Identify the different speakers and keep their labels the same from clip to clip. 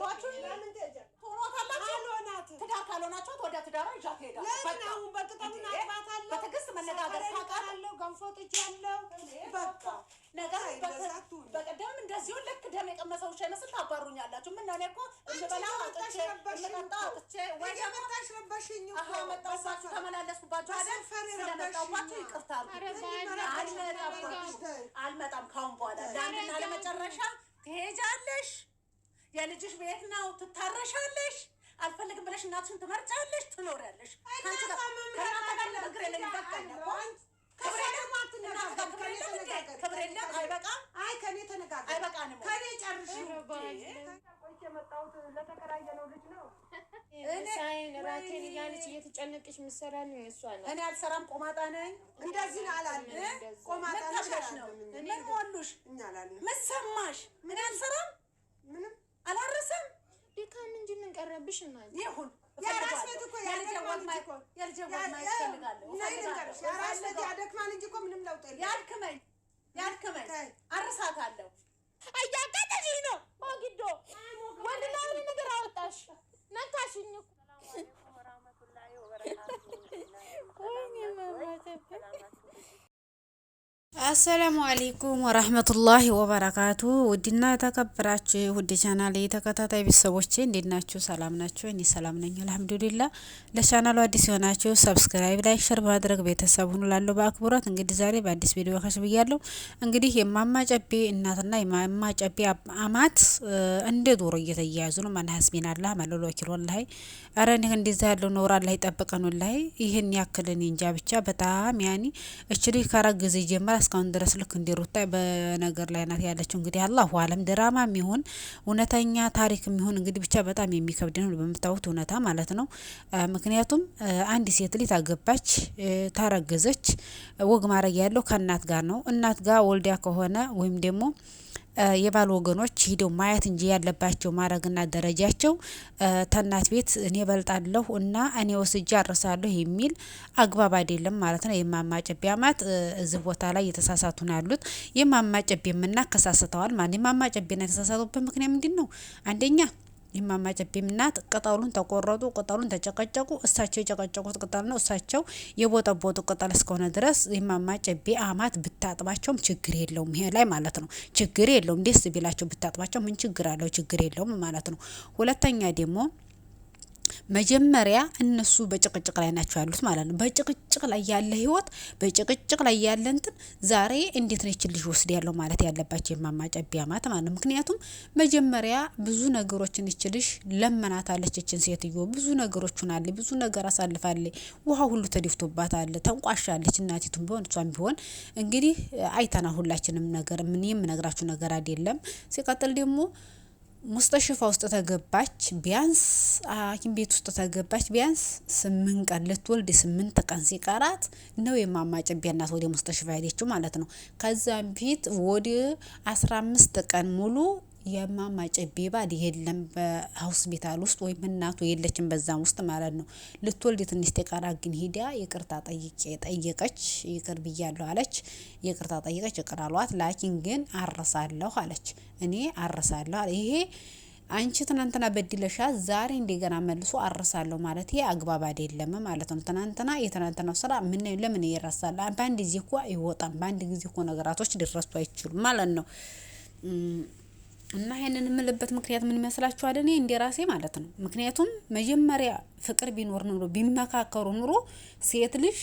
Speaker 1: ገብቷችሁ ትዳር ካልሆናችኋት ወደ ትዳሯ ይዣት
Speaker 2: እሄዳለሁ።
Speaker 1: በትዕግስት መነጋገር
Speaker 2: ታውቃለሁ። ገንፎ ጥጃለሁ። በቃ
Speaker 1: ነገር በቀደም እንደዚሁ ልክ ደም የቀመሰው ውሻ ይመስል ታባሩኛላችሁ። ምን እኔ እኮ
Speaker 2: እንበላ አጥቼ
Speaker 1: ተመላለስኩባችሁ
Speaker 2: አይደል? ስለመጣባችሁ
Speaker 1: ይቅርታ አልመጣም። ካሁን በኋላ ለአንድና ለመጨረሻ ትሄጃለሽ የልጅሽ ቤት ነው። ትታረሻለሽ። አልፈልግም ብለሽ እናትሽን ትመርጫለሽ፣ ትኖሪያለሽ።
Speaker 3: ሳይን ራቴን እያለች እየተጨነቅሽ ምሰራልኝ እሷ ነው።
Speaker 1: እኔ አልሰራም፣ ቆማጣ ነኝ። እንደዚህ ነው አላልንም። ቆማጣ ነው። ምን እኛ ወሉሽ? ምን ሰማሽ? ምን አልሰራም ምንም አላረሰም።
Speaker 3: ድካም እንጂ ምን ቀረብሽ? እና
Speaker 1: ይሁን የራስ ቤት እኮ የራስ ቤት
Speaker 2: ያደክማል እንጂ እኮ ምንም ለውጥ የለም።
Speaker 1: ያድክመኝ ያድክመኝ አርሳታለሁ። እያጋጠሽኝ ነው። ኦግዶ ወንድና ምን ነገር አወጣሽ? ነካሽኝ እኮ
Speaker 4: አሰላሙ አሌይኩም ወረህመቱላሂ ወበረካቱ። ውድና ተከበራችሁ ውድ ቻናል የተከታታይ ቤተሰቦቼ እንዴት ናችሁ? ሰላም ናችሁ? እኔ ሰላም ነኝ አልሐምዱሊላ። ለቻናሉ አዲስ የሆናችሁ ሰብስክራይብ፣ ላይክ፣ ሸር ማድረግ ቤተሰብ ሁኑ። ላለው በአክብሮት እንግዲህ ዛሬ በአዲስ ቪዲዮ ከሽ ብያለሁ። እንግዲህ የማማ ጨቤ እናትና የማማ ጨቤ አማት እንደ ዶሮ እየተያያዙ ነው። ማን ሀስቢን አላ መለሎ ወኪል ወላሂ ኧረ እንደዛ ያለው ኖር አላ ይጠብቀን ወላሂ። ይህን ያክልን እንጃ ብቻ በጣም ያኒ እችሊ ከረግ ጊዜ ጀመር እስካሁን ድረስ ልክ እንዲሩታ በነገር ላይ ናት ያለችው። እንግዲህ አላሁ አለም ድራማ የሚሆን እውነተኛ ታሪክ የሚሆን እንግዲህ ብቻ በጣም የሚከብድ ነው በምታዩት እውነታ ማለት ነው። ምክንያቱም አንድ ሴት ልጅ ታገባች፣ ታረገዘች፣ ወግ ማድረግ ያለው ከእናት ጋር ነው። እናት ጋር ወልዲያ ከሆነ ወይም ደግሞ የባል ወገኖች ሂደው ማየት እንጂ ያለባቸው ማድረግና ደረጃቸው ተናት ቤት እኔ በልጣለሁ እና እኔ ወስጄ አርሳለሁ የሚል አግባብ አይደለም ማለት ነው። የማማ ጨቤ አማት እዚህ ቦታ ላይ የተሳሳቱ ነው ያሉት። የማማ ጨቤ የምናከሳስተዋል ማለት የማማ ጨቤና የተሳሳቱበት ምክንያት ምንድን ነው? አንደኛ የማማ ጨቤም እናት ቅጠሉን ተቆረጡ፣ ቅጠሉን ተጨቀጨቁ። እሳቸው የጨቀጨቁት ቅጠል ነው እሳቸው የቦጠቦጡ ቅጠል እስከሆነ ድረስ የማማ አማት ብታጥባቸውም ችግር የለውም። ይሄ ላይ ማለት ነው ችግር የለውም። ደስ ቢላቸው ብታጥባቸው ምን ችግር አለው? ችግር የለውም ማለት ነው። ሁለተኛ ደግሞ መጀመሪያ እነሱ በጭቅጭቅ ላይ ናቸው ያሉት ማለት ነው። በጭቅጭቅ ላይ ያለ ህይወት፣ በጭቅጭቅ ላይ ያለ እንትን ዛሬ እንዴት ነች ልጅ ወስድ ያለው ማለት ያለባቸው የማማጫ ቢያማት ማለት ነው። ምክንያቱም መጀመሪያ ብዙ ነገሮችን ይችልሽ ለመናት አለች አለችችን ሴትዮ ብዙ ነገሮች አለ ብዙ ነገር አሳልፋለ ውሃ ሁሉ ተደፍቶባት አለ ተንቋሻለች። እናቲቱም ቢሆን እሷም ቢሆን እንግዲህ አይተና ሁላችንም ነገር ምን የምነግራችሁ ነገር አይደለም። ሲቀጥል ደግሞ ሙስተሽፋ ውስጥ ተገባች ቢያንስ ሐኪም ቤት ውስጥ ተገባች ቢያንስ ስምንት ቀን ልትወልድ ስምንት ቀን ሲቀራት ነው የማማጨቢያ እናት ወደ ሙስተሽፋ ሄደችው ማለት ነው። ከዛም ፊት ወደ አስራ አምስት ቀን ሙሉ የማማጨ ጨቤ ባል የለም በሆስፒታል ውስጥ ወይም እናቱ የለችም በዛም ውስጥ ማለት ነው። ልትወልድ ትንሽ ተቀራ ግን ሄዳ ይቅርታ ጠይቄ ጠየቀች ይቅር ብያለሁ አለች። ይቅርታ ጠይቀች ይቅር አሏት። ላኪን ግን አረሳለሁ አለች እኔ አረሳለሁ አለ ይሄ አንቺ ትናንትና በድለሻት ዛሬ እንደገና መልሶ አረሳለሁ ማለት ይሄ አግባብ አይደለም ማለት ነው። ትናንትና የትናንትናው ስራ ምን ለምን ይረሳል? በአንድ ጊዜ እኮ አይወጣም። በአንድ ጊዜ እኮ ነገራቶች ሊረሱ አይችሉም ማለት ነው። እና ይህንን የምልበት ምክንያት ምን ይመስላችኋል? እኔ እንደ ራሴ ማለት ነው። ምክንያቱም መጀመሪያ ፍቅር ቢኖር ኑሮ ቢመካከሩ ኑሮ ሴት ልጅ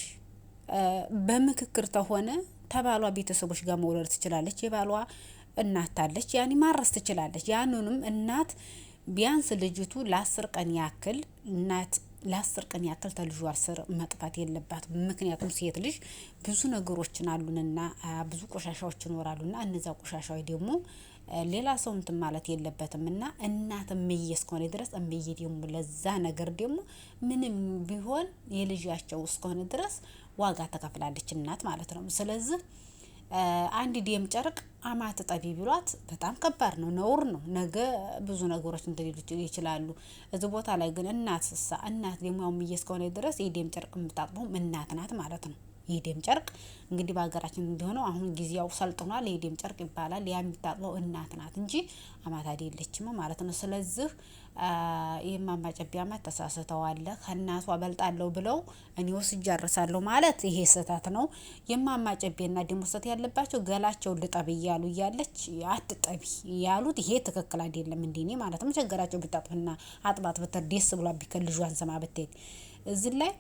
Speaker 4: በምክክር ተሆነ ተባሏ ቤተሰቦች ጋር መውለድ ትችላለች። የባሏ እናት አለች፣ ያኔ ማረስ ትችላለች። ያንንም እናት ቢያንስ ልጅቱ ለአስር ቀን ያክል እናት ለአስር ቀን ያክል ተልጇ ስር መጥፋት የለባትም። ምክንያቱም ሴት ልጅ ብዙ ነገሮችን አሉንና ብዙ ቆሻሻዎች ይኖራሉና እነዚያ ቆሻሻዎች ደግሞ ሌላ ሰው እንትን ማለት የለበትም እና እናት እምዬ እስከሆነ ድረስ እምዬ ደግሞ ለዛ ነገር ደግሞ ምንም ቢሆን የልጃቸው እስከሆነ ድረስ ዋጋ ተከፍላለች እናት ማለት ነው። ስለዚህ አንድ ደም ጨርቅ አማት ጠቢ ቢሏት በጣም ከባድ ነው፣ ነውር ነው። ነገ ብዙ ነገሮች እንትን ይችላሉ። እዚህ ቦታ ላይ ግን እናት ስሳ እናት ደግሞ እምዬ እስከሆነ ድረስ የደም ጨርቅ የምታጥበውም እናት ናት ማለት ነው። የደም ጨርቅ እንግዲህ በሀገራችን እንደሆነው አሁን ጊዜያው ሰልጥኗል። የደም ጨርቅ ይባላል። ያ የሚታጥበው እናት ናት እንጂ አማት አይደለችም ማለት ነው። ስለዚህ የእማማ ጨቤ አማት ተሳስተዋል። ከእናቷ በልጣለሁ ብለው እኔ ወስጄ እጨርሳለሁ ማለት ይሄ ስህተት ነው። የእማማ ጨቤና ደግሞ ስህተት ያለባቸው ገላቸው ልጠብ እያሉ እያለች አትጠቢ ያሉት ይሄ ትክክል አይደለም። እንዲኔ ማለት ነው። ቸገራቸው ብታጥፍና አጥባት ብትር ደስ ብሏ ቢከል ልጇን ስማ ብትሄድ እዚህ ላይ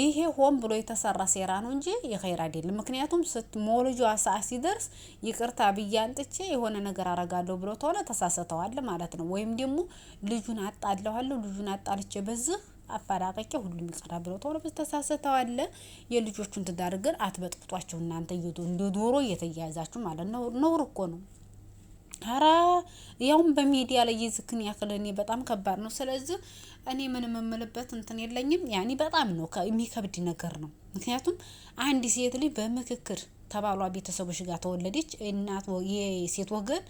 Speaker 4: ይሄ ሆን ብሎ የተሰራ ሴራ ነው እንጂ የኸይር አይደለም። ምክንያቱም ስትሞልጇ ሰዓት ሲደርስ ይቅርታ ብዬ አንጥቼ የሆነ ነገር አረጋለሁ ብሎ ተሆነ ተሳስተዋል ማለት ነው። ወይም ደግሞ ልጁን አጣለኋለሁ ልጁን አጣልቼ በዚህ አፈራቀቄ ሁሉም ይቀራ ብሎ ተሆነ ተሳስተዋል። የልጆቹን ትዳር ግን አትበጥብጧቸው እናንተ እየዶ እንደ ዶሮ እየተያያዛችሁ ማለት ነው። ነውር እኮ ነው። ያውም በሚዲያ ላይ ይዝክን ያክል እኔ በጣም ከባድ ነው። ስለዚህ እኔ ምን የምምልበት እንትን የለኝም። ያኔ በጣም ነው የሚከብድ ነገር ነው። ምክንያቱም አንድ ሴት ልጅ በምክክር ተባሏ ቤተሰቦች ጋር ተወለደች። እናት የሴት ወገን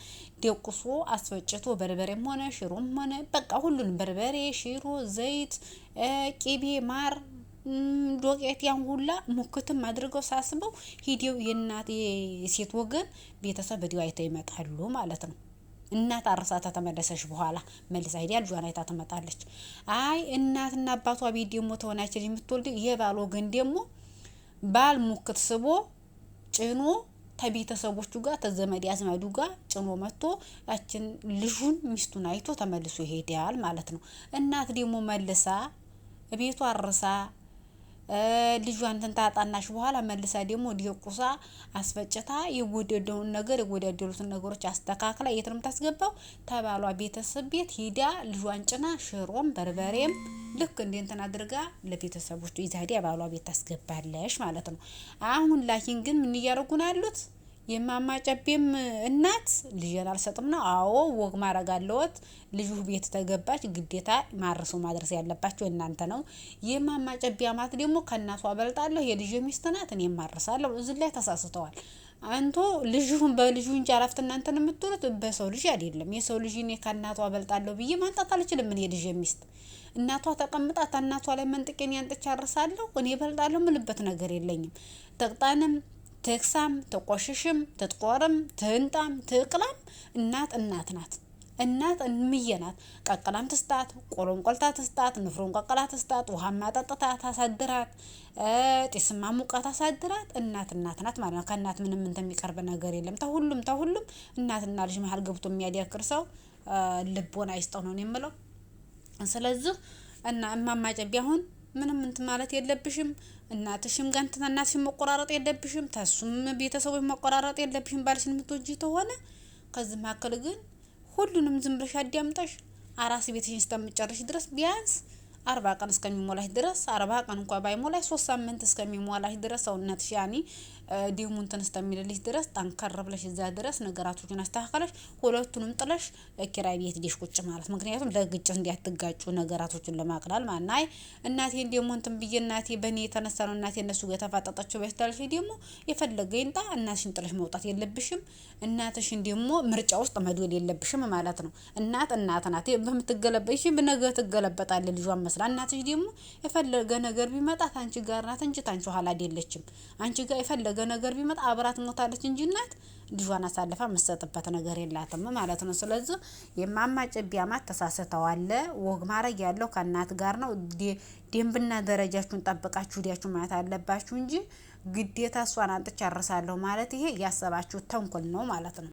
Speaker 4: ደቁሶ አስፈጭቶ በርበሬም ሆነ ሽሮም ሆነ በቃ ሁሉንም በርበሬ፣ ሽሮ፣ ዘይት፣ ቂቤ፣ ማር ዶቄት ያን ሁላ ሙክትም አድርገው ሳስበው ሂዲው የእናት የሴት ወገን ቤተሰብ በዲዋይታ ይመጣሉ ማለት ነው። እናት አርሳ ተመለሰች። በኋላ መልሳ ሄዳ ልጇን አይታ ትመጣለች። አይ እናትና አባቷ ቤት ደግሞ ተሆናችን የምትወልደው የባል ግን ደግሞ ባል ሙክት ስቦ ጭኖ ከቤተሰቦቹ ጋር ተዘመድ ያዝመዱ ጋር ጭኖ መጥቶ ያችን ልጁን ሚስቱን አይቶ ተመልሶ ይሄዳል ማለት ነው። እናት ደግሞ መልሳ ቤቷ አርሳ ልጇን ትንታጣናሽ በኋላ መልሳ ደግሞ ዲቁሳ አስፈጭታ የጎደደውን ነገር የጎደደሉትን ነገሮች አስተካክላ የት ነው የምታስገባው? ተባሏ ቤተሰብ ቤት ሂዳ ልጇን ጭና ሽሮም በርበሬም ልክ እንደ እንትን አድርጋ ለቤተሰቦቹ ይዛ ባሏ ቤት ታስገባለሽ ማለት ነው። አሁን ላኪን ግን ምን እያደረጉ ነው ያሉት? የማማ የማማጨቤም እናት ልጄን አልሰጥም ነው። አዎ ወግ ማድረግ አለዎት። ልጁ ቤት ተገባች ግዴታ ማርሶ ማድረስ ያለባቸው እናንተ ነው። የማማ የማማጨቤ አማት ደግሞ ከእናቷ አበልጣለሁ የልጅ ሚስት ናት። እኔም ማርሳለሁ። እዚህ ላይ ተሳስተዋል። አንቶ ልጅሁን በልጁ እንጂ አላፍት እናንተን የምትሉት በሰው ልጅ አይደለም። የሰው ልጅ እኔ ከእናቷ በልጣለሁ ብዬ ማንጣት አልችልም። እኔ ልጅ ሚስት እናቷ ተቀምጣ እናቷ ላይ መንጥቄን ያንጥቻ አርሳለሁ። እኔ በልጣለሁ ምልበት ነገር የለኝም። ተቅጣንም ትክሳም፣ ትቆሽሽም፣ ትጥቆርም፣ ትህንጣም፣ ትቅላም እናት እናት ናት። እናት እምዬ ናት። ቀቅላም ትስጣት፣ ቆልታ ትስጣት፣ ንፍሮም ቀቅላ ትስጣት፣ ውሃማ ጠጥታ ታሳድራት፣ ጢስማ ሙቃ ታሳድራት። እናት እናት ናት ማለት ነው። ከእናት ምንም እንትን የሚቀርብ ነገር የለም። ተሁሉም ተሁሉም እናትና ልጅ መሀል ገብቶ የሚያዲያክር ሰው ልቦና ይስጠው ነው የምለው። ስለዚህ እና እማማ አሁን ምንም እንትን ማለት የለብሽም። እናትሽም ጋር እንትን እናትሽም መቆራረጥ የለብሽም። ተሱም ቤተሰቦች መቆራረጥ የለብሽም። ባልሽን የምትወጂ ተሆነ ከዚህ መካከል ግን ሁሉንም ዝም ብለሽ አዳምጠሽ አራስ ቤትሽን እስከምጨርሽ ድረስ ቢያንስ አርባ ቀን እስከሚሞላሽ ድረስ አርባ ቀን እንኳ ባይሞላሽ ሶስት ሳምንት እስከሚሞላሽ ድረስ ሰውነትሽ ያኔ ደሙ እንትን እስከሚልልሽ ድረስ ጠንከር ብለሽ እዛ ድረስ ነገራቶችን አስተካክለሽ ሁለቱንም ጥለሽ ኪራይ ቤት ሄደሽ ቁጭ ማለት ምክንያቱም ለግጭት እንዲያትጋጩ ነገራቶችን ለማቅላል ማለት አይ እናቴን ደሞ እንትን ብዬ እናቴ በእኔ የተነሳ ነው እናቴ እነሱ ጋር ተፋጠጠችው በሽታልሽ ደግሞ የፈለገ ይንጣ እናትሽን ጥለሽ መውጣት የለብሽም እናትሽን ደግሞ ምርጫ ውስጥ መድወል የለብሽም ማለት ነው እናት እናት ናት በምትገለበ ነገ ትገለበጣለ ልጇ ይመስላል። እናትሽ ደግሞ የፈለገ ነገር ቢመጣ ታንቺ ጋር ናት እንጂ ታንቺ ኋላ አይደለችም። አንቺ ጋር የፈለገ ነገር ቢመጣ አብራት ሞታለች እንጂ እናት ልጇን አሳልፋ የምትሰጥበት ነገር የላትም ማለት ነው። ስለዚህ የማማ ጨቢ ተሳስተዋል። ወግ ማድረግ ያለው ከእናት ጋር ነው። ደንብና ደረጃችሁን ጠብቃችሁ ዲያችሁ ማለት አለባችሁ እንጂ ግዴታ እሷን አንጥቼ አርሳለሁ ማለት ይሄ ያሰባችሁ ተንኮል ነው ማለት ነው።